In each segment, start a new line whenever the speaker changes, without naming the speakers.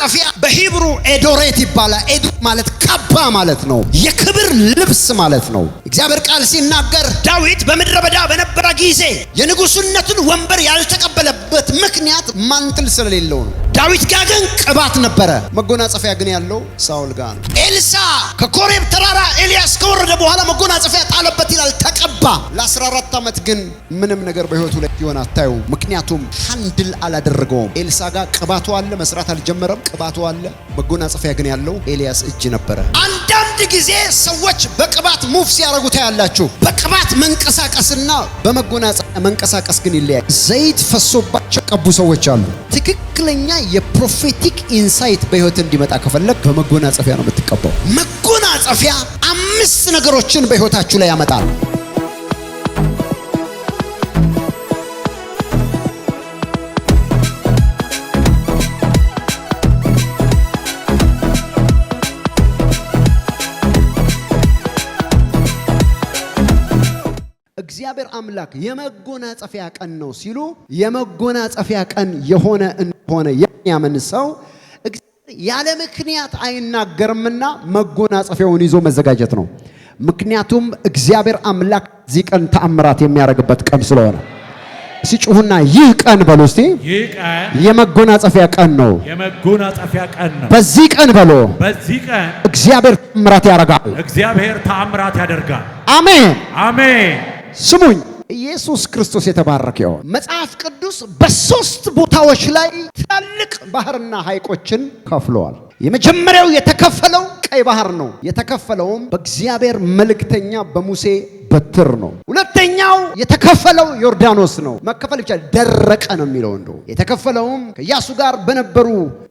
መጎናጸፊያ በሂብሩ ኤዶሬት ይባላል። ኤዶ ማለት ካብ ካባ ማለት ነው፣ የክብር ልብስ ማለት ነው። እግዚአብሔር ቃል ሲናገር ዳዊት በምድረ በዳ በነበረ ጊዜ የንጉሥነቱን ወንበር ያልተቀበለበት ምክንያት ማንትል ስለሌለው ነው። ዳዊት ጋር ግን ቅባት ነበረ። መጎናጸፊያ ግን ያለው ሳውል ጋር ነው። ኤልሳ ከኮሬብ ተራራ ኤልያስ ከወረደ በኋላ መጎናጸፊያ ጣለበት ይላል፣ ተቀባ። ለ14 ዓመት ግን ምንም ነገር በሕይወቱ ላይ ይሆን አታዩ። ምክንያቱም ሀንድል አላደረገውም። ኤልሳ ጋር ቅባቱ አለ፣ መስራት አልጀመረም። ቅባቱ አለ፣ መጎናጸፊያ ግን ያለው ኤልያስ እጅ ነበረ። አንዳንድ ጊዜ ሰዎች በቅባት ሙፍ ሲያደርጉ ታያላችሁ። በቅባት መንቀሳቀስና በመጎናጸፊያ መንቀሳቀስ ግን ይለያል። ዘይት ፈሶባቸው ቀቡ ሰዎች አሉ። ትክክለኛ የፕሮፌቲክ ኢንሳይት በህይወት እንዲመጣ ከፈለግ በመጎናጸፊያ ነው የምትቀባው። መጎናጸፊያ አምስት ነገሮችን በህይወታችሁ ላይ ያመጣል። አምላክ የመጎናጸፊያ ቀን ነው ሲሉ የመጎናጸፊያ ቀን የሆነ እንደሆነ የሚያምን ሰው ያለ ምክንያት አይናገርምና መጎናጸፊያውን ይዞ መዘጋጀት ነው። ምክንያቱም እግዚአብሔር አምላክ እዚህ ቀን ተአምራት የሚያደርግበት ቀን ስለሆነ ሲጩሁና ይህ ቀን በሎ እስቲ የመጎናጸፊያ ቀን ነው። በዚህ ቀን በሎ እግዚአብሔር
ተአምራት ያደርጋል። አሜን አሜን።
ስሙኝ ኢየሱስ ክርስቶስ የተባረከው መጽሐፍ ቅዱስ በሶስት ቦታዎች ላይ ትላልቅ ባህርና ሐይቆችን ከፍለዋል። የመጀመሪያው የተከፈለው ቀይ ባህር ነው። የተከፈለውም በእግዚአብሔር መልእክተኛ በሙሴ በትር ነው። ሁለተኛው የተከፈለው ዮርዳኖስ ነው። መከፈል ብቻ ደረቀ ነው የሚለው እንደ የተከፈለውም ከኢያሱ ጋር በነበሩ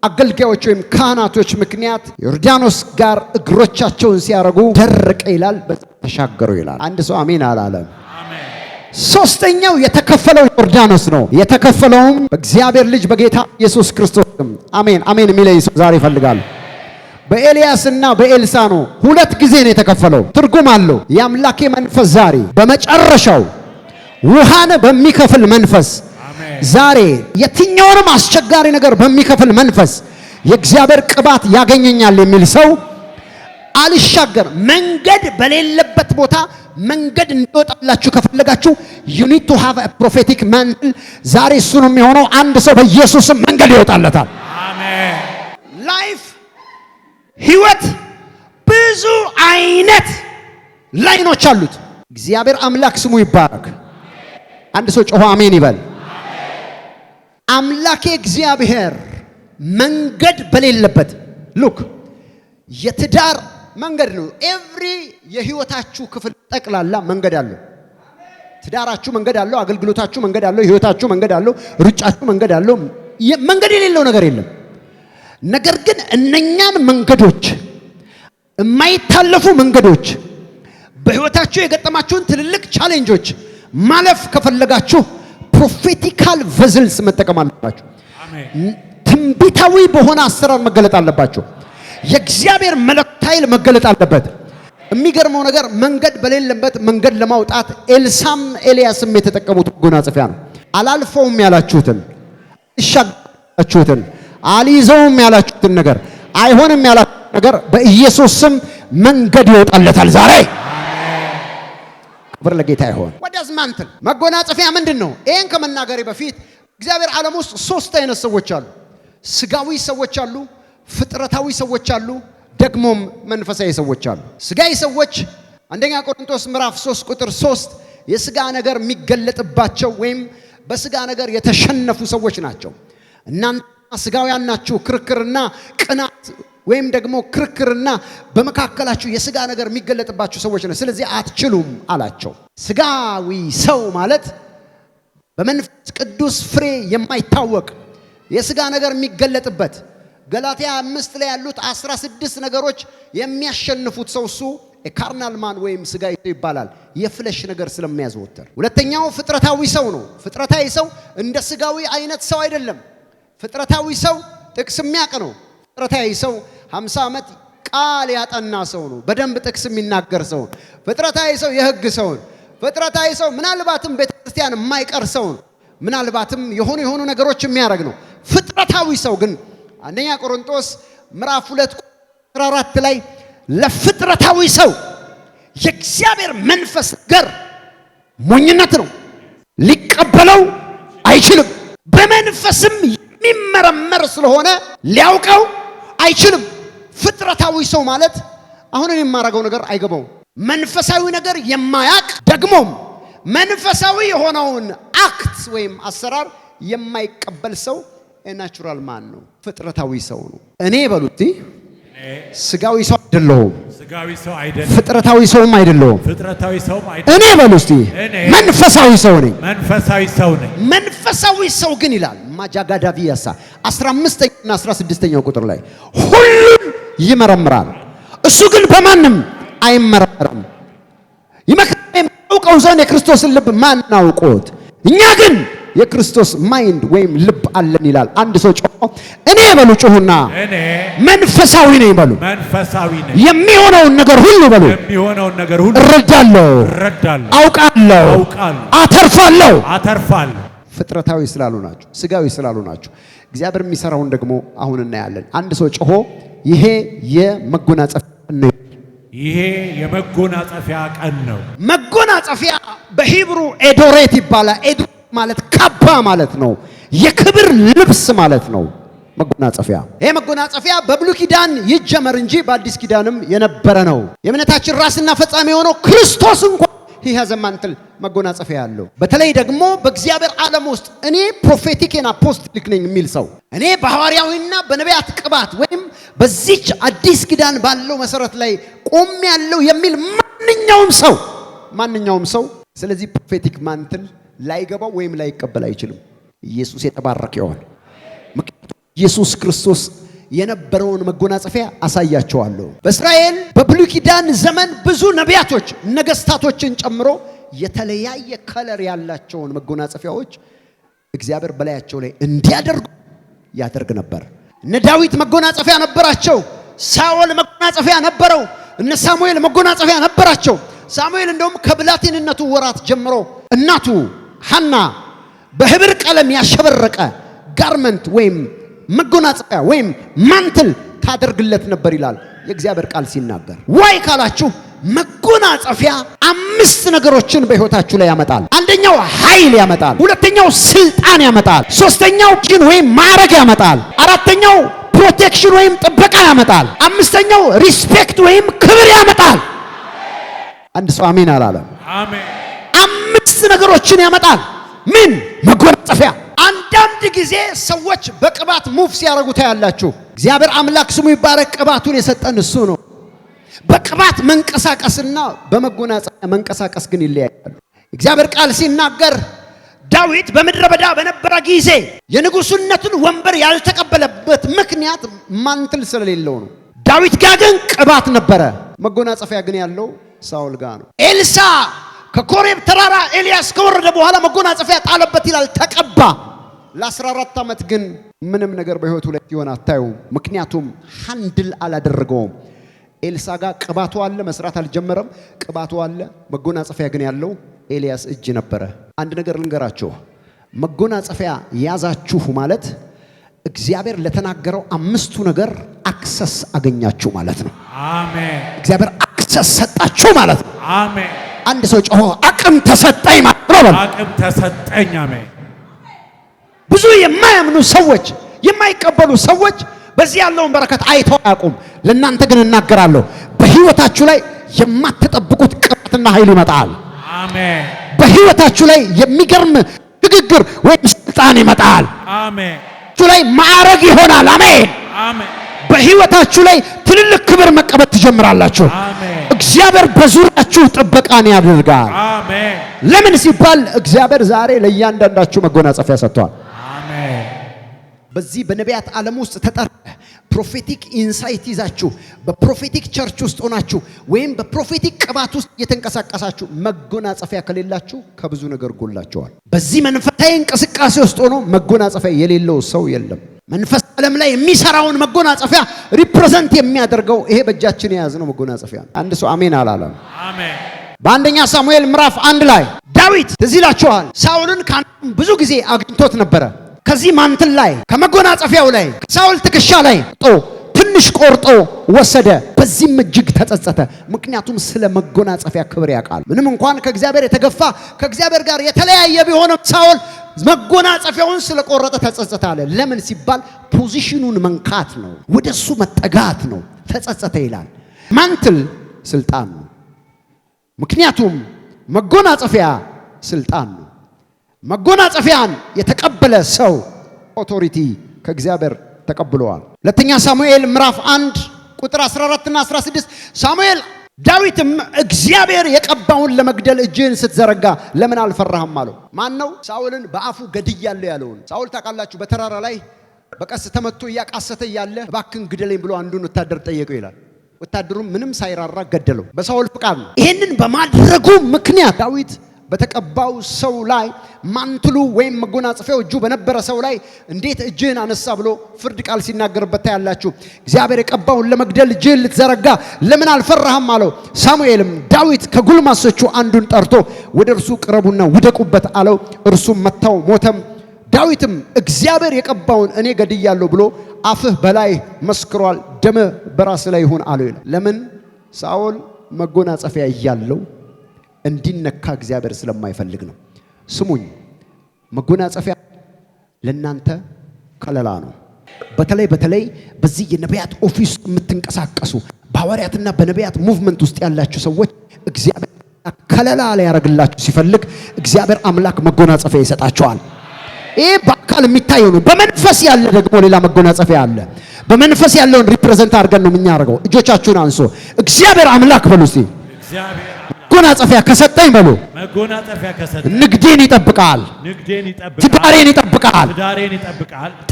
አገልጋዮች ወይም ካህናቶች ምክንያት ዮርዳኖስ ጋር እግሮቻቸውን ሲያረጉ ደረቀ ይላል፣ ተሻገሩ ይላል። አንድ ሰው አሜን አላለም። ሶስተኛው የተከፈለው ዮርዳኖስ ነው። የተከፈለውም በእግዚአብሔር ልጅ በጌታ ኢየሱስ ክርስቶስ አሜን አሜን የሚለኝ ሰው ዛሬ ይፈልጋል። በኤልያስና በኤልሳ ነው። ሁለት ጊዜ ነው የተከፈለው። ትርጉም አለው። የአምላኬ መንፈስ ዛሬ በመጨረሻው ውሃን በሚከፍል መንፈስ ዛሬ የትኛውንም አስቸጋሪ ነገር በሚከፍል መንፈስ የእግዚአብሔር ቅባት ያገኘኛል የሚል ሰው አልሻገርም። መንገድ በሌለበት ቦታ መንገድ እንዲወጣላችሁ ከፈለጋችሁ ዩ ኒድ ቱ ሃቭ አ ፕሮፌቲክ ማንትል። ዛሬ እሱ ነው የሚሆነው። አንድ ሰው በኢየሱስም መንገድ ይወጣለታል። አሜን። ላይፍ ህይወት ብዙ አይነት ላይኖች አሉት። እግዚአብሔር አምላክ ስሙ ይባረክ። አንድ ሰው ጮሆ አሜን ይበል። አምላኬ እግዚአብሔር መንገድ በሌለበት ሉክ የትዳር መንገድ ነው። ኤቭሪ የህይወታችሁ ክፍል ጠቅላላ መንገድ አለው። ትዳራችሁ መንገድ አለው። አገልግሎታችሁ መንገድ አለው። ህይወታችሁ መንገድ አለው። ሩጫችሁ መንገድ አለው። መንገድ የሌለው ነገር የለም። ነገር ግን እነኛን መንገዶች የማይታለፉ መንገዶች በህይወታችሁ የገጠማችሁን ትልልቅ ቻሌንጆች ማለፍ ከፈለጋችሁ ፕሮፌቲካል ቨዝልስ መጠቀም አለባችሁ። ትንቢታዊ በሆነ አሰራር መገለጥ አለባቸው። የእግዚአብሔር መለኮት ኃይል መገለጥ አለበት። የሚገርመው ነገር መንገድ በሌለበት መንገድ ለማውጣት ኤልሳም ኤልያስም የተጠቀሙት መጎናጸፊያ ነው። አላልፈውም ያላችሁትን እሻችሁትን አልይዘውም ያላችሁትን ነገር አይሆንም ያላችሁት ነገር በኢየሱስ ስም መንገድ ይወጣለታል ዛሬ። ክብር ለጌታ ይሆን። ወደዝ ማንትል መጎናጸፊያ ምንድን ነው? ይህን ከመናገሬ በፊት እግዚአብሔር ዓለም ውስጥ ሶስት አይነት ሰዎች አሉ። ስጋዊ ሰዎች አሉ ፍጥረታዊ ሰዎች አሉ፣ ደግሞም መንፈሳዊ ሰዎች አሉ። ስጋዊ ሰዎች አንደኛ ቆሮንቶስ ምዕራፍ 3 ቁጥር 3 የስጋ ነገር የሚገለጥባቸው ወይም በስጋ ነገር የተሸነፉ ሰዎች ናቸው። እናንተ ስጋውያን ናችሁ፣ ክርክርና ቅናት ወይም ደግሞ ክርክርና በመካከላችሁ የስጋ ነገር የሚገለጥባችሁ ሰዎች ነው። ስለዚህ አትችሉም አላቸው። ስጋዊ ሰው ማለት በመንፈስ ቅዱስ ፍሬ የማይታወቅ የስጋ ነገር የሚገለጥበት ገላትያ አምስት ላይ ያሉት አስራ ስድስት ነገሮች የሚያሸንፉት ሰው እሱ ካርናል ማን ወይም ስጋ ሰው ይባላል። የፍለሽ ነገር ስለሚያዘወትር። ሁለተኛው ፍጥረታዊ ሰው ነው። ፍጥረታዊ ሰው እንደ ስጋዊ አይነት ሰው አይደለም። ፍጥረታዊ ሰው ጥቅስ የሚያቅ ነው። ፍጥረታዊ ሰው 50 ዓመት ቃል ያጠና ሰው ነው። በደንብ ጥቅስ የሚናገር ሰው ነው። ፍጥረታዊ ሰው የህግ ሰው ነው። ፍጥረታዊ ሰው ምናልባትም ቤተክርስቲያን የማይቀር ሰው ነው። ምናልባትም የሆኑ የሆኑ ነገሮች የሚያደርግ ነው። ፍጥረታዊ ሰው ግን አንደኛ ቆሮንጦስ ምዕራፍ 2 ቁጥር 4 ላይ ለፍጥረታዊ ሰው የእግዚአብሔር መንፈስ ነገር ሞኝነት ነው፣ ሊቀበለው አይችልም። በመንፈስም የሚመረመር ስለሆነ ሊያውቀው አይችልም። ፍጥረታዊ ሰው ማለት አሁን እኔ ነገር አይገባውም። መንፈሳዊ ነገር የማያቅ ደግሞም መንፈሳዊ የሆነውን አክት ወይም አሰራር የማይቀበል ሰው ናቹራል ማን ነው? ፍጥረታዊ ሰው ነው። እኔ በሉት ስጋዊ ሰው አይደለሁም፣ ፍጥረታዊ ሰውም አይደለሁም። እኔ በሉት መንፈሳዊ ሰው ነኝ። መንፈሳዊ ሰው ግን ይላል ማጃጋዳቪያሳ 15ኛና 16ኛው ቁጥር ላይ ሁሉን ይመረምራል፣ እሱ ግን በማንም አይመረምርም? ይመካ የሚያውቀው ሰውን የክርስቶስን ልብ ማን አውቆት? እኛ ግን የክርስቶስ ማይንድ ወይም ልብ አለን ይላል። አንድ ሰው ጮሆ እኔ በሉ ጮሁና መንፈሳዊ ነኝ በሉ። የሚሆነውን ነገር ሁሉ በሉ እረዳለሁ፣ አውቃለሁ፣ አተርፋለሁ። ፍጥረታዊ ስላሉ ናቸው፣ ስጋዊ ስላሉ ናቸው። እግዚአብሔር የሚሰራውን ደግሞ አሁን እናያለን። አንድ ሰው ጮሆ ይሄ የመጎናጸፊያ ቀን ነው።
ይሄ የመጎናጸፊያ ቀን ነው።
መጎናጸፊያ በሂብሩ ኤዶሬት ይባላል። ማለት ካባ ማለት ነው። የክብር ልብስ ማለት ነው። መጎናጸፊያ ይሄ መጎናጸፊያ በብሉ ኪዳን ይጀመር እንጂ በአዲስ ኪዳንም የነበረ ነው። የእምነታችን ራስና ፈጻሚ የሆነው ክርስቶስ እንኳ ይህ ዘማንትል መጎናጸፊያ ያለው በተለይ ደግሞ በእግዚአብሔር ዓለም ውስጥ እኔ ፕሮፌቲክ እና ነኝ የሚል ሰው እኔ በሐዋርያዊና በነቢያት ቅባት ወይም በዚች አዲስ ኪዳን ባለው መሰረት ላይ ቆም ያለው የሚል ማንኛውም ሰው ማንኛውም ሰው ስለዚህ ፕሮፌቲክ ማንትል ላይገባው ወይም ላይቀበል አይችልም። ኢየሱስ የተባረከ ይሆን። ምክንያቱም ኢየሱስ ክርስቶስ የነበረውን መጎናጸፊያ አሳያቸዋለሁ። በእስራኤል በብሉይ ኪዳን ዘመን ብዙ ነቢያቶች ነገስታቶችን ጨምሮ የተለያየ ከለር ያላቸውን መጎናጸፊያዎች እግዚአብሔር በላያቸው ላይ እንዲያደርጉ ያደርግ ነበር። እነ ዳዊት መጎናጸፊያ ነበራቸው። ሳኦል መጎናጸፊያ ነበረው። እነ ሳሙኤል መጎናጸፊያ ነበራቸው። ሳሙኤል እንደውም ከብላቴንነቱ ወራት ጀምሮ እናቱ ሐና በህብር ቀለም ያሸበረቀ ጋርመንት ወይም መጎናጸፊያ ወይም ማንትል ታደርግለት ነበር ይላል የእግዚአብሔር ቃል ሲናገር። ዋይ ካላችሁ መጎናጸፊያ አምስት ነገሮችን በህይወታችሁ ላይ ያመጣል። አንደኛው ኃይል ያመጣል። ሁለተኛው ስልጣን ያመጣል። ሶስተኛው ጅን ወይም ማዕረግ ያመጣል። አራተኛው ፕሮቴክሽን ወይም ጥበቃ ያመጣል። አምስተኛው ሪስፔክት ወይም ክብር ያመጣል። አንድ ሰው አሜን አላለም? አሜን አምስት ነገሮችን ያመጣል። ምን መጎናጸፊያ። አንዳንድ ጊዜ ሰዎች በቅባት ሙፍ ሲያደርጉ ታያላችሁ። እግዚአብሔር አምላክ ስሙ ይባረክ። ቅባቱን የሰጠን እሱ ነው። በቅባት መንቀሳቀስና በመጎናጸፊያ መንቀሳቀስ ግን ይለያያሉ። እግዚአብሔር ቃል ሲናገር ዳዊት በምድረ በዳ በነበረ ጊዜ የንጉሥነቱን ወንበር ያልተቀበለበት ምክንያት ማንትል ስለሌለው ነው። ዳዊት ጋር ግን ቅባት ነበረ። መጎናጸፊያ ግን ያለው ሳውል ጋ ነው። ኤልሳ ከኮሬብ ተራራ ኤልያስ ከወረደ በኋላ መጎናጸፊያ ጣለበት ይላል፣ ተቀባ። ለ14 ዓመት ግን ምንም ነገር በህይወቱ ላይ ሲሆን አታዩ። ምክንያቱም ሃንድል አላደረገውም። ኤልሳ ጋር ቅባቱ አለ፣ መስራት አልጀመረም። ቅባቱ አለ፣ መጎናጸፊያ ግን ያለው ኤልያስ እጅ ነበረ። አንድ ነገር ልንገራችሁ፣ መጎናጸፊያ ያዛችሁ ማለት እግዚአብሔር ለተናገረው አምስቱ ነገር አክሰስ አገኛችሁ ማለት ነው። አሜን። እግዚአብሔር አክሰስ ሰጣችሁ ማለት ነው። አሜን። አንድ ሰው ጮሆ አቅም ተሰጠኝ
ማለት አቅም ተሰጠኝ። አሜን።
ብዙ የማያምኑ ሰዎች፣ የማይቀበሉ ሰዎች በዚህ ያለውን በረከት አይተው አያውቁም። ለእናንተ ግን እናገራለሁ፣ በህይወታችሁ ላይ የማትጠብቁት ቅባትና ኃይል ይመጣል። አሜን። በህይወታችሁ ላይ የሚገርም ንግግር ወይም ስልጣን ይመጣል። አሜን። ላይ ማዕረግ ይሆናል። አሜን። በህይወታችሁ ላይ ትልልቅ ክብር መቀበል ትጀምራላችሁ። እግዚአብሔር በዙሪያችሁ ጥበቃን ያደርጋል። ለምን ሲባል እግዚአብሔር ዛሬ ለእያንዳንዳችሁ መጎናጸፊያ ሰጥቷል። በዚህ በነቢያት ዓለም ውስጥ ተጠር ፕሮፌቲክ ኢንሳይት ይዛችሁ በፕሮፌቲክ ቸርች ውስጥ ሆናችሁ ወይም በፕሮፌቲክ ቅባት ውስጥ እየተንቀሳቀሳችሁ መጎናጸፊያ ከሌላችሁ ከብዙ ነገር ጎላችኋል። በዚህ መንፈሳዊ እንቅስቃሴ ውስጥ ሆኖ መጎናጸፊያ የሌለው ሰው የለም። መንፈስ ዓለም ላይ የሚሰራውን መጎናጸፊያ ሪፕሬዘንት የሚያደርገው ይሄ በእጃችን የያዝነው መጎናጸፊያ ነው። አንድ ሰው አሜን አላለም። በአንደኛ ሳሙኤል ምዕራፍ አንድ ላይ ዳዊት ትዝ ይላችኋል፣ ሳውልን ከአንዱም ብዙ ጊዜ አግኝቶት ነበረ። ከዚህ ማንትን ላይ ከመጎናጸፊያው ላይ ሳውል ትከሻ ላይ ጦ ትንሽ ቆርጦ ወሰደ። በዚህም እጅግ ተጸጸተ፣ ምክንያቱም ስለ መጎናጸፊያ ክብር ያውቃል። ምንም እንኳን ከእግዚአብሔር የተገፋ ከእግዚአብሔር ጋር የተለያየ ቢሆንም ሳውል መጎናጸፊያውን ስለቆረጠ ተጸጸተ አለ። ለምን ሲባል ፖዚሽኑን መንካት ነው፣ ወደሱ መጠጋት ነው። ተጸጸተ ይላል። ማንትል ስልጣን ነው። ምክንያቱም መጎናጸፊያ ስልጣን ነው። መጎናጸፊያን የተቀበለ ሰው ኦቶሪቲ ከእግዚአብሔር ተቀብለዋል። ሁለተኛ ሳሙኤል ምዕራፍ 1 ቁጥር 14 እና 16 ሳሙኤል ዳዊትም እግዚአብሔር የቀባውን ለመግደል እጅህን ስትዘረጋ ለምን አልፈራህም አለው። ማን ነው ሳውልን በአፉ ገድያለሁ ያለውን? ሳውል ታውቃላችሁ፣ በተራራ ላይ በቀስ ተመቶ እያቃሰተ እያለ እባክን ግደለኝ ብሎ አንዱን ወታደር ጠየቀው ይላል። ወታደሩም ምንም ሳይራራ ገደለው፣ በሳውል ፍቃድ ነው። ይህንን በማድረጉ ምክንያት ዳዊት በተቀባው ሰው ላይ ማንትሉ ወይም መጎናጸፊያው እጁ በነበረ ሰው ላይ እንዴት እጅህን አነሳ ብሎ ፍርድ ቃል ሲናገርበት ታያላችሁ። እግዚአብሔር የቀባውን ለመግደል እጅህን ልትዘረጋ ለምን አልፈራህም አለው። ሳሙኤልም ዳዊት ከጉልማሶቹ አንዱን ጠርቶ ወደ እርሱ ቅረቡና ውደቁበት አለው። እርሱም መታው፣ ሞተም። ዳዊትም እግዚአብሔር የቀባውን እኔ ገድያለሁ ብሎ አፍህ በላይ መስክሯል፣ ደም በራስ ላይ ይሁን አለው። ለምን ሳኦል መጎናጸፊያ እያለው እንዲነካ እግዚአብሔር ስለማይፈልግ ነው። ስሙኝ፣ መጎናጸፊያ ለእናንተ ከለላ ነው። በተለይ በተለይ በዚህ የነቢያት ኦፊስ የምትንቀሳቀሱ በሐዋርያትና በነቢያት ሙቭመንት ውስጥ ያላችሁ ሰዎች እግዚአብሔር ከለላ ሊያደርግላችሁ ሲፈልግ እግዚአብሔር አምላክ መጎናጸፊያ ይሰጣችኋል። ይህ በአካል የሚታየው ነው። በመንፈስ ያለ ደግሞ ሌላ መጎናጸፊያ አለ። በመንፈስ ያለውን ሪፕሬዘንት አድርገን ነው የምናደርገው። እጆቻችሁን አንሶ እግዚአብሔር አምላክ በሉ እስቲ መጎናጸፊያ ከሰጠኝ በሉ ንግዴን ይጠብቃል፣ ትዳሬን ይጠብቃል፣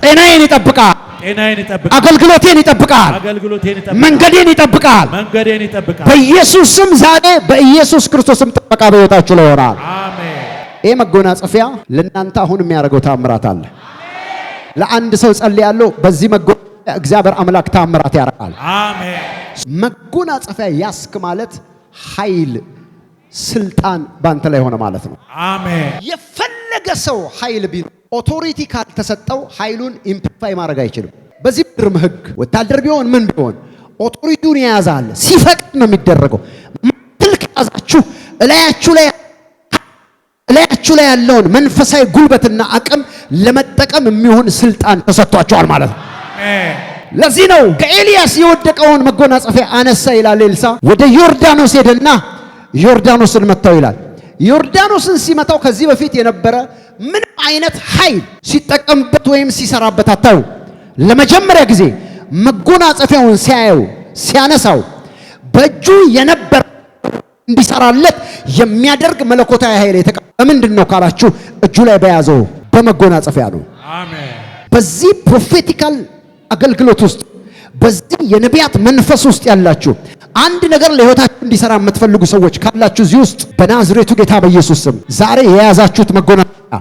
ጤናዬን ይጠብቃል፣ አገልግሎቴን ይጠብቃል፣ መንገዴን ይጠብቃል። በኢየሱስ ስም ዛሬ በኢየሱስ ክርስቶስም ጥበቃ በሕይወታችሁ ላይ ይሆናል። ይህ መጎናጸፊያ ለእናንተ አሁን የሚያደርገው ታምራት አለ። ለአንድ ሰው ጸልያለሁ። በዚህ መጎናጸፊያ እግዚአብሔር አምላክ ታምራት ያደርጋል። መጎናጸፊያ ያስክ ማለት ኃይል ስልጣን ባንተ ላይ ሆነ ማለት ነው። አሜን። የፈለገ ሰው ኃይል ቢኖር ኦቶሪቲ ካልተሰጠው ኃይሉን ኢምፕሊፋይ ማድረግ አይችልም። በዚህ ምድርም ህግ ወታደር ቢሆን ምን ቢሆን ኦቶሪቲውን የያዘ አለ። ሲፈቅድ ነው የሚደረገው። ትልክ ያዛችሁ እላያችሁ ላይ ያለውን መንፈሳዊ ጉልበትና አቅም ለመጠቀም የሚሆን ስልጣን ተሰጥቷቸዋል ማለት ነው። ለዚህ ነው ከኤልያስ የወደቀውን መጎናጸፊያ አነሳ ይላል ኤልሳ። ወደ ዮርዳኖስ ሄደና ዮርዳኖስን መታው ይላል። ዮርዳኖስን ሲመታው ከዚህ በፊት የነበረ ምንም አይነት ኃይል ሲጠቀምበት ወይም ሲሰራበት አታዩ። ለመጀመሪያ ጊዜ መጎናጸፊያውን ሲያየው ሲያነሳው በእጁ የነበረ እንዲሰራለት የሚያደርግ መለኮታዊ ኃይል የተቀ በምንድን ነው ካላችሁ እጁ ላይ በያዘው በመጎናጸፊያ ነው። በዚህ ፕሮፌቲካል አገልግሎት ውስጥ በዚህ የነቢያት መንፈስ ውስጥ ያላችሁ አንድ ነገር ለህይወታችሁ እንዲሰራ የምትፈልጉ ሰዎች ካላችሁ እዚህ ውስጥ በናዝሬቱ ጌታ በኢየሱስ ስም ዛሬ የያዛችሁት መጎናጸፊያ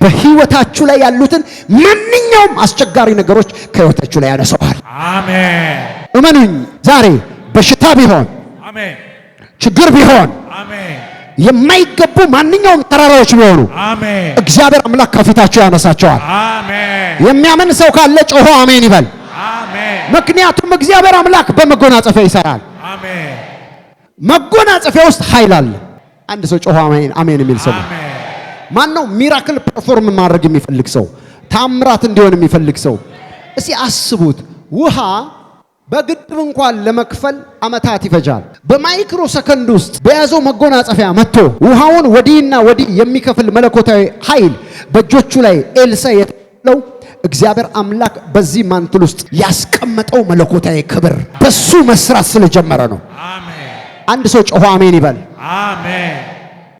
በህይወታችሁ ላይ ያሉትን ማንኛውም አስቸጋሪ ነገሮች ከህይወታችሁ ላይ ያነሰዋል።
አሜን።
እመኑኝ፣ ዛሬ በሽታ ቢሆን ችግር ቢሆን የማይገቡ ማንኛውም ተራራዎች ቢሆኑ እግዚአብሔር አምላክ ከፊታችሁ ያነሳቸዋል። የሚያምን ሰው ካለ ጮሆ አሜን ይበል። ምክንያቱም እግዚአብሔር አምላክ በመጎናጸፊያ ይሰራል። መጎናጸፊያ ውስጥ ኃይል አለ። አንድ ሰው ጮኸ አሜን የሚል ሰው ማን ነው? ሚራክል ፐርፎርም ማድረግ የሚፈልግ ሰው፣ ታምራት እንዲሆን የሚፈልግ ሰው። እስቲ አስቡት ውሃ በግድብ እንኳን ለመክፈል አመታት ይፈጃል። በማይክሮ ሰከንድ ውስጥ በያዘው መጎናጸፊያ መጥቶ ውሃውን ወዲህና ወዲህ የሚከፍል መለኮታዊ ኃይል በእጆቹ ላይ ኤልሳ የተለው እግዚአብሔር አምላክ በዚህ ማንትል ውስጥ ያስቀመጠው መለኮታዊ ክብር በሱ መስራት ስለጀመረ ነው። አንድ ሰው ጮሆ አሜን ይበል። አሜን።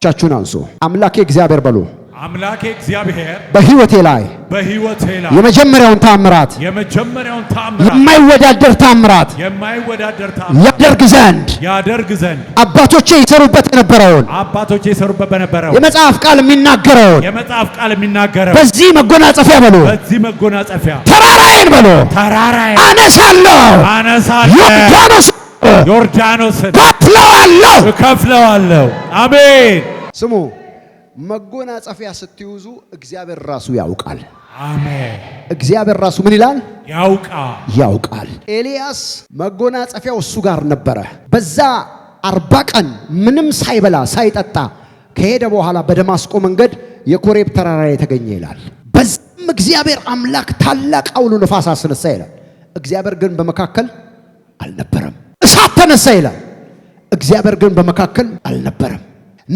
ቻችሁን አንሱ። አምላኬ እግዚአብሔር በሉ።
አምላኬ እግዚአብሔር
በህይወቴ ላይ
በህይወቴ ላይ
የመጀመሪያውን ታምራት
የመጀመሪያውን ታምራት
የማይወዳደር ታምራት
የማይወዳደር ታምራት
ያደርግ ዘንድ
ያደርግ ዘንድ
አባቶቼ ይሰሩበት የነበረውን
አባቶቼ ይሰሩበት በነበረው
የመጽሐፍ ቃል የሚናገረውን
የመጽሐፍ ቃል የሚናገረው
በዚህ መጎናጸፊያ በሎ
በዚህ መጎናጸፊያ
ተራራዬን በሎ
ተራራዬን
አነሳለሁ አነሳለሁ
ዮርዳኖስ
ከፍለዋለሁ
ከፍለዋለሁ አሜን
ስሙ መጎናጸፊያ ስትይዙ እግዚአብሔር ራሱ ያውቃል። አሜን። እግዚአብሔር ራሱ ምን ይላል?
ያውቃል፣
ያውቃል። ኤልያስ መጎናጸፊያው እሱ ጋር ነበረ። በዛ አርባ ቀን ምንም ሳይበላ ሳይጠጣ ከሄደ በኋላ በደማስቆ መንገድ የኮሬብ ተራራ የተገኘ ይላል። በዛም እግዚአብሔር አምላክ ታላቅ አውሎ ነፋስ አስነሳ ይላል። እግዚአብሔር ግን በመካከል አልነበረም። እሳት ተነሳ ይላል። እግዚአብሔር ግን በመካከል አልነበረም።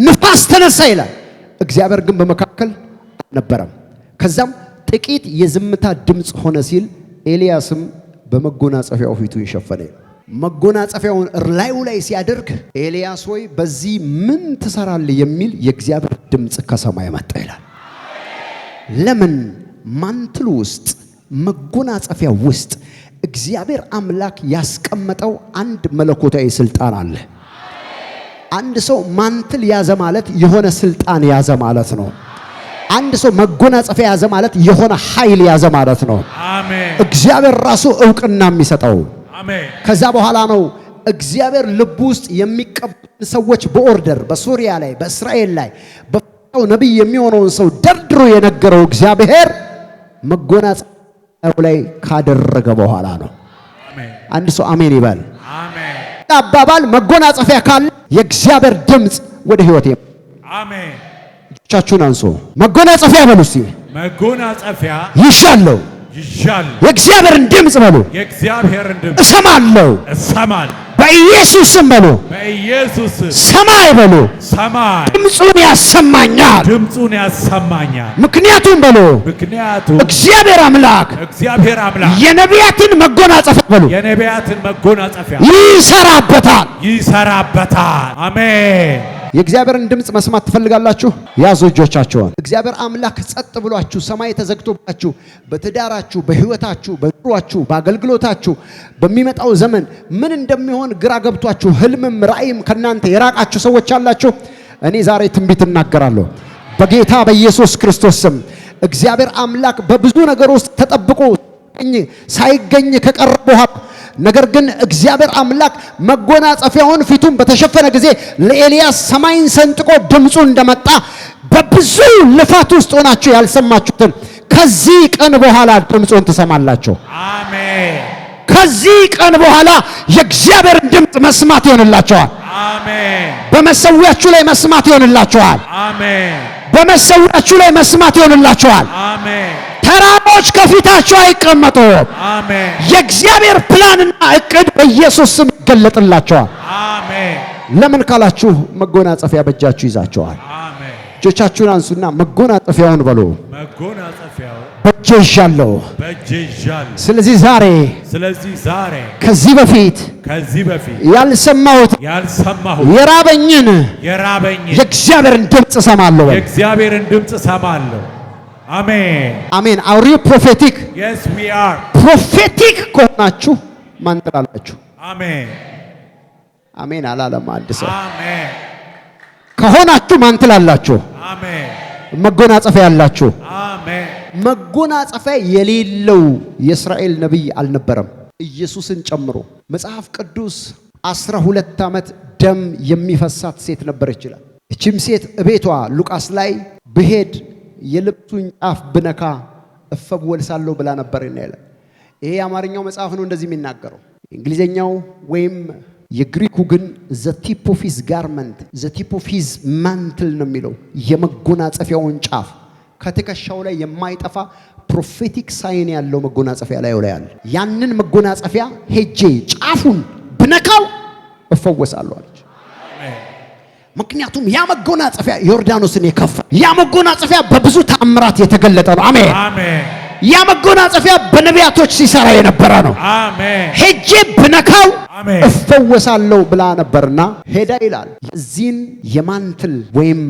ንፋስ ተነሳ ይላል። እግዚአብሔር ግን በመካከል አልነበረም። ከዛም ጥቂት የዝምታ ድምፅ ሆነ ሲል ኤልያስም በመጎናጸፊያው ፊቱን ሸፈነ። መጎናጸፊያውን ላዩ ላይ ሲያደርግ ኤልያስ ሆይ በዚህ ምን ትሰራለህ? የሚል የእግዚአብሔር ድምፅ ከሰማይ መጣ ይላል። ለምን ማንትሉ ውስጥ መጎናጸፊያ ውስጥ እግዚአብሔር አምላክ ያስቀመጠው አንድ መለኮታዊ ስልጣን አለ። አንድ ሰው ማንትል ያዘ ማለት የሆነ ስልጣን ያዘ ማለት ነው። አንድ ሰው መጎናጸፊያ ያዘ ማለት የሆነ ኃይል ያዘ ማለት ነው። እግዚአብሔር ራሱ እውቅና የሚሰጠው ከዛ በኋላ ነው። እግዚአብሔር ልብ ውስጥ የሚቀበል ሰዎች በኦርደር በሱሪያ ላይ በእስራኤል ላይ በፈጣው ነቢይ የሚሆነውን ሰው ደርድሮ የነገረው እግዚአብሔር መጎናጸፊያው ላይ ካደረገ በኋላ ነው። አንድ ሰው አሜን ይበል። አባባል መጎናጸፊያ ካለ የእግዚአብሔር ድምፅ ወደ ህይወቴ አሜን። እጆቻችሁን አንሶ መጎናጸፊያ በሉ እስቲ
መጎናጸፊያ
ይሻለው የእግዚአብሔርን ድምፅ
በሉ እሰማለሁ።
በኢየሱስም በሉ ሰማይ በሉ
ድምፁን ያሰማኛል።
ምክንያቱም በሉ እግዚአብሔር አምላክ የነቢያትን መጎናጸፊያ
በሉ ይሰራበታል። አሜን
የእግዚአብሔርን ድምፅ መስማት ትፈልጋላችሁ? ያዙ እጆቻችሁን። እግዚአብሔር አምላክ ጸጥ ብሏችሁ ሰማይ ተዘግቶባችሁ በትዳራችሁ፣ በህይወታችሁ፣ በኑሯችሁ፣ በአገልግሎታችሁ በሚመጣው ዘመን ምን እንደሚሆን ግራ ገብቷችሁ ህልምም ራእይም ከእናንተ የራቃችሁ ሰዎች አላችሁ። እኔ ዛሬ ትንቢት እናገራለሁ በጌታ በኢየሱስ ክርስቶስ ስም እግዚአብሔር አምላክ በብዙ ነገር ውስጥ ተጠብቆ ሳይገኝ ሳይገኝ ከቀረ በኋላ ነገር ግን እግዚአብሔር አምላክ መጎናጸፊያውን ፊቱን በተሸፈነ ጊዜ ለኤልያስ ሰማይን ሰንጥቆ ድምፁ እንደመጣ በብዙ ልፋት ውስጥ ሆናችሁ ያልሰማችሁትን ከዚህ ቀን በኋላ ድምፁን ትሰማላችሁ።
አሜን።
ከዚህ ቀን በኋላ የእግዚአብሔርን ድምፅ መስማት ይሆንላችኋል። አሜን። በመሰዊያችሁ ላይ መስማት ይሆንላችኋል። አሜን። በመሰዊያችሁ ላይ መስማት ይሆንላችኋል። ተራሮች ከፊታችሁ አይቀመጡም። የእግዚአብሔር ፕላንና እቅድ በኢየሱስ ስም ይገለጥላችኋል። ለምን ካላችሁ መጎናጸፊያ በእጃችሁ ይዛችኋል። እጆቻችሁን አንሱና መጎናጸፊያውን በሉ። በእጄ ይዣለሁ። ስለዚህ ዛሬ ከዚህ በፊት ያልሰማሁት የራበኝን የእግዚአብሔርን ድምፅ እሰማለሁ። አሜን አሜን። አውሪ ፕሮፌቲክ ፕሮፌቲክ ከሆናችሁ ማን ትላላችሁ? አሜን አሜን አላለም አንድ ሰው ከሆናችሁ ማን ትላላችሁ? መጎናጸፊያ ያላችሁ። መጎናጸፊያ የሌለው የእስራኤል ነቢይ አልነበረም ኢየሱስን ጨምሮ። መጽሐፍ ቅዱስ አስራ ሁለት ዓመት ደም የሚፈሳት ሴት ነበር ይችላል። እቺም ሴት እቤቷ ሉቃስ ላይ ብሄድ የልብሱን ጫፍ ብነካ እፈወሳለሁ ብላ ነበር ይላል። ይሄ የአማርኛው መጽሐፍ ነው እንደዚህ የሚናገረው። እንግሊዘኛው ወይም የግሪኩ ግን ዘ ቲፕ ኦፍ ሂዝ ጋርመንት ዘ ቲፕ ኦፍ ሂዝ ማንትል ነው የሚለው የመጎናጸፊያውን ጫፍ ከትከሻው ላይ የማይጠፋ ፕሮፌቲክ ሳይን ያለው መጎናጸፊያ ላይ ላይ አለ። ያንን መጎናጸፊያ ሄጄ ጫፉን ብነካው እፈወሳለሁ አለች። ምክንያቱም ያ መጎናጸፊያ ዮርዳኖስን የከፈለ ያ መጎናጸፊያ በብዙ ተአምራት የተገለጠ ነው።
አሜን።
ያ መጎናጸፊያ በነቢያቶች ሲሰራ የነበረ ነው። ሄጄ ብነካው እፈወሳለሁ ብላ ነበርና ሄዳ ይላል የዚህን የማንትል ወይም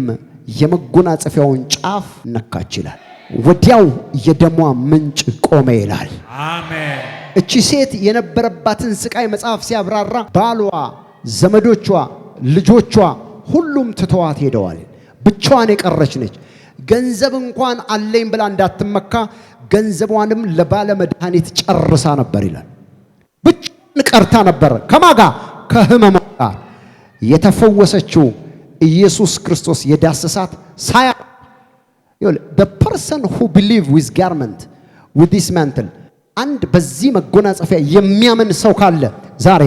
የመጎናጸፊያውን ጫፍ ነካች ይላል። ወዲያው የደሟ ምንጭ ቆመ ይላል። እቺ ሴት የነበረባትን ስቃይ መጽሐፍ ሲያብራራ ባሏ፣ ዘመዶቿ፣ ልጆቿ ሁሉም ትተዋት ሄደዋል። ብቻዋን የቀረች ነች። ገንዘብ እንኳን አለኝ ብላ እንዳትመካ ገንዘቧንም ለባለመድኃኒት ጨርሳ ነበር ይላል። ብቻዋን ቀርታ ነበር። ከማጋ ከህመሟ ጋር የተፈወሰችው ኢየሱስ ክርስቶስ የዳሰሳት ሳያ በፐርሰን ሁ ቢሊቭ ዊዝ ጋርመንት ዊዝ ዲስ ማንትል አንድ በዚህ መጎናጸፊያ የሚያምን ሰው ካለ ዛሬ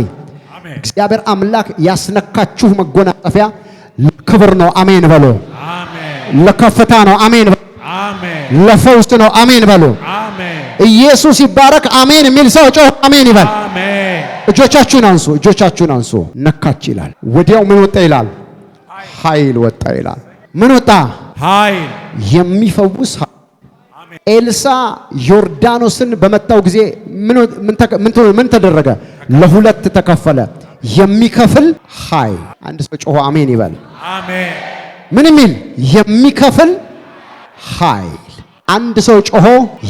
እግዚአብሔር አምላክ ያስነካችሁ መጎናጸፊያ ለክብር ነው። አሜን በሎ። ለከፍታ ነው። አሜን ለፈውስት ነው። አሜን በሉ። ኢየሱስ ይባረክ። አሜን የሚል ሰው ጮህ አሜን ይበል። እጆቻችሁን አንሱ፣ እጆቻችሁን አንሱ። ነካች ይላል። ወዲያው ምን ወጣ ይላል? ኃይል ወጣ ይላል። ምን ወጣ? ኃይል የሚፈውስ ኤልሳ ዮርዳኖስን በመታው ጊዜ ምን ተደረገ? ለሁለት ተከፈለ። የሚከፍል ኃይል አንድ ሰው ጮሆ አሜን ይበል። ምን የሚል የሚከፍል ኃይል አንድ ሰው ጮሆ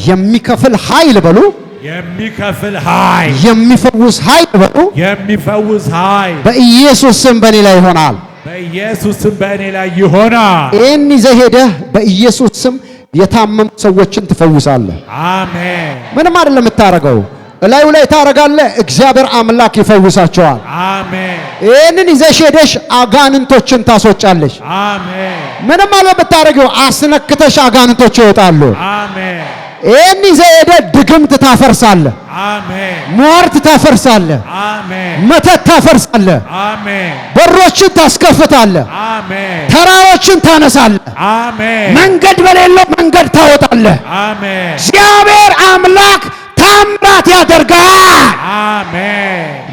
የሚከፍል ኃይል በሉ
የሚከፍል ኃይል
የሚፈውስ ኃይል በሉ
የሚፈውስ ኃይል
በኢየሱስ ስም በእኔ ላይ ይሆናል።
በኢየሱስ ስም በእኔ ላይ ይሆናል።
ይህን ይዘህ ሄደህ በኢየሱስ ስም የታመሙ ሰዎችን ትፈውሳለህ። አሜን። ምንም አይደለም የምታደርገው እላዩ ላይ ታረጋለ። እግዚአብሔር አምላክ ይፈውሳቸዋል። አሜን። ይህንን ይዘሽ ሄደሽ አጋንንቶችን ታስወጫለሽ። አሜን። ምንም አለ ብታረጊው አስነክተሽ አጋንንቶች ይወጣሉ። አሜን። ይህን ይዘ ሄደ ድግምት ታፈርሳለ። አሜን። ሟርት ታፈርሳለ። አሜን። መተት ታፈርሳለ። አሜን። በሮችን ታስከፍታለ። አሜን። ተራሮችን ታነሳለ። አሜን። መንገድ በሌለው መንገድ ታወጣለ። አሜን። እግዚአብሔር አምላክ ያደርጋ ያደርጋል።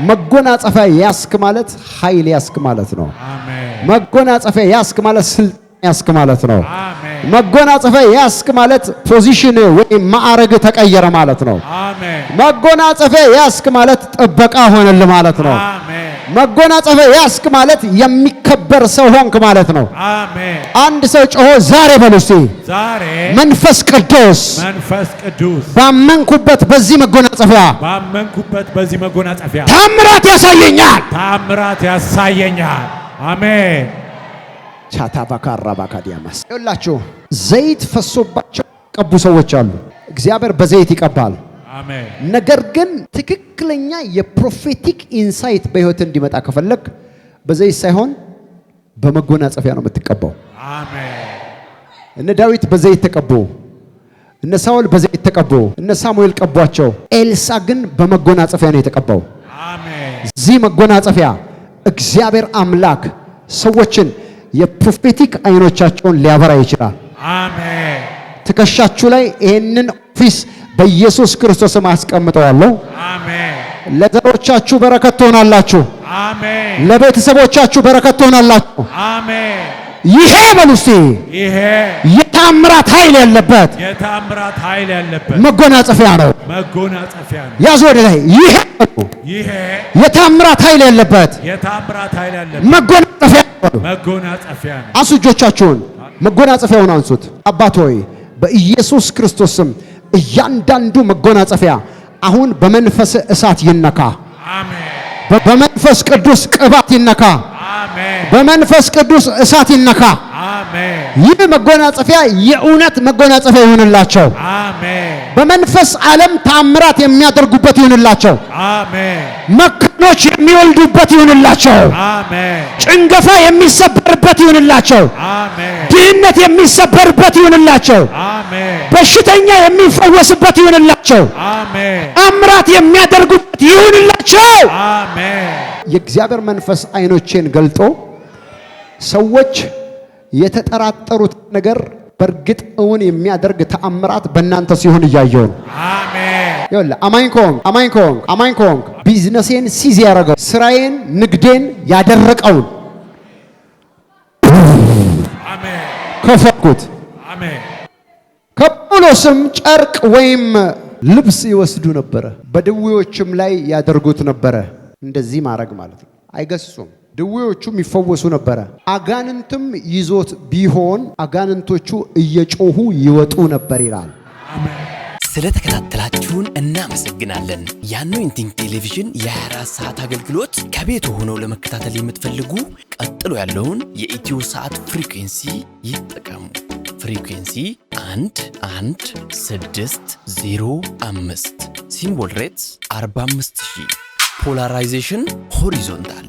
መጎናጸፊያ ያስክ ማለት ኃይል ያስክ ማለት ነው። መጎናጸፊያ ያስክ ማለት ስልጣን ያስክ ማለት ነው። መጎናጸፊያ ያስክ ማለት ፖዚሽን ወይም ማዕረግ ተቀየረ ማለት ነው። መጎናጸፊያ ያስክ ማለት ጥበቃ ሆነል ማለት ነው። መጎናጸፈ ያስክ ማለት የሚከበር ሰው ሆንክ ማለት ነው። አንድ ሰው ጮሆ ዛሬ በሉ እስቲ ዛሬ መንፈስ ቅዱስ
መንፈስ ቅዱስ
ባመንኩበት በዚህ መጎናጸፊያ
ባመንኩበት በዚህ መጎናጸፊያ
ታምራት ያሳየኛል
ታምራት ያሳየኛል። አሜን።
ቻታ ባካራ ባካዲያማስ ይላችሁ ዘይት ፈሶባቸው ቀቡ ሰዎች አሉ። እግዚአብሔር በዘይት ይቀባል። ነገር ግን ትክክለኛ የፕሮፌቲክ ኢንሳይት በህይወት እንዲመጣ ከፈለግ በዘይት ሳይሆን በመጎናጸፊያ ነው የምትቀባው። እነ ዳዊት በዘይት ተቀቡ፣ እነ ሳውል በዘይት ተቀቡ፣ እነ ሳሙኤል ቀቧቸው። ኤልሳ ግን በመጎናጸፊያ ነው የተቀባው። እዚህ መጎናጸፊያ እግዚአብሔር አምላክ ሰዎችን የፕሮፌቲክ አይኖቻቸውን ሊያበራ ይችላል። ትከሻችሁ ላይ ይህንን ኦፊስ በኢየሱስ ክርስቶስም አስቀምጠዋለሁ። አሜን። ለዘሮቻችሁ በረከት ትሆናላችሁ። አሜን። ለቤተሰቦቻችሁ በረከት ትሆናላችሁ። አሜን። ይሄ በሉሴ ይሄ የታምራት ኃይል ያለበት
የታምራት ኃይል ያለበት
መጎናጸፊያ ነው፣
መጎናጸፊያ
ነው። ያዙ ወደ ላይ። ይሄ ይሄ የታምራት ኃይል ያለበት
የታምራት ኃይል ያለበት
መጎናጸፊያ
ነው፣ መጎናጸፊያ ነው።
አንሱ እጆቻችሁን፣ መጎናጸፊያውን አንሱት። አባት ሆይ በኢየሱስ ክርስቶስ ስም እያንዳንዱ መጎናጸፊያ አሁን በመንፈስ እሳት ይነካ። በመንፈስ ቅዱስ ቅባት ይነካ። በመንፈስ ቅዱስ እሳት ይነካ። ይህ መጎናጸፊያ የእውነት መጎናጸፊያ ይሆንላቸው። በመንፈስ ዓለም ታምራት የሚያደርጉበት ይሆንላቸው። መካኖች የሚወልዱበት ይሆንላቸው። ጭንገፋ የሚሰበርበት ይሆንላቸው። ድህነት የሚሰበርበት ይሆንላቸው። በሽተኛ የሚፈወስበት ይሆንላቸው። ታምራት የሚያደርጉበት ይሆንላቸው። የእግዚአብሔር መንፈስ ዓይኖቼን ገልጦ ሰዎች የተጠራጠሩት ነገር በእርግጥ እውን የሚያደርግ ተአምራት በእናንተ ሲሆን እያየው ነው።
አሜን።
አማኝ ከሆንክ አማኝ ከሆንክ አማኝ ከሆንክ ቢዝነሴን ሲዝ ያደረገው ስራዬን፣ ንግዴን ያደረቀውን ከፈኩት ከጳውሎስም ጨርቅ ወይም ልብስ ይወስዱ ነበረ፣ በድዌዎችም ላይ ያደርጉት ነበረ። እንደዚህ ማድረግ ማለት ነው። አይገሱም። ድዌዎቹም ይፈወሱ ነበረ። አጋንንትም ይዞት ቢሆን አጋንንቶቹ እየጮሁ ይወጡ ነበር ይላል። ስለተከታተላችሁን እናመሰግናለን። የአኖይንቲንግ ቴሌቪዥን የ24 ሰዓት አገልግሎት ከቤቱ ሆነው ለመከታተል የምትፈልጉ ቀጥሎ ያለውን የኢትዮ ሰዓት ፍሪኩንሲ ይጠቀሙ። ፍሪኩንሲ 11605 ሲምቦል ሬትስ 45000 ፖላራይዜሽን ሆሪዞንታል